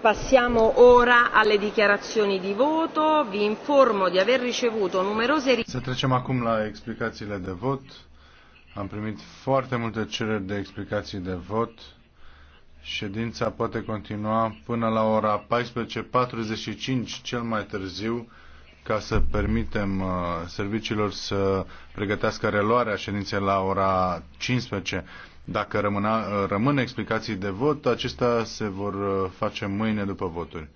Passiamo ora alle dichiarazioni di voto. Vi informo di aver ricevuto numerose Să trecem acum la explicațiile de vot. Am primit foarte multe cereri de explicații de vot. Ședința poate continua până la ora 14.45 cel mai târziu ca să permitem uh, serviciilor să pregătească reluarea ședinței la ora 15. Dacă rămâna, uh, rămân explicații de vot, acestea se vor uh, face mâine după voturi.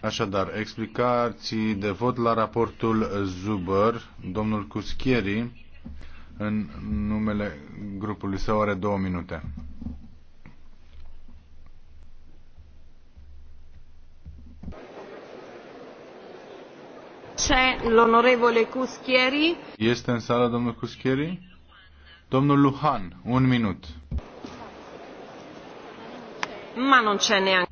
Așadar, explicații de vot la raportul Zuber, domnul Cuschieri, în numele grupului său are două minute. c'è l'onorevole Cuschieri. Este în sală domnul Cuschieri? Domnul Luhan, un minut. Ma non c'è neanche.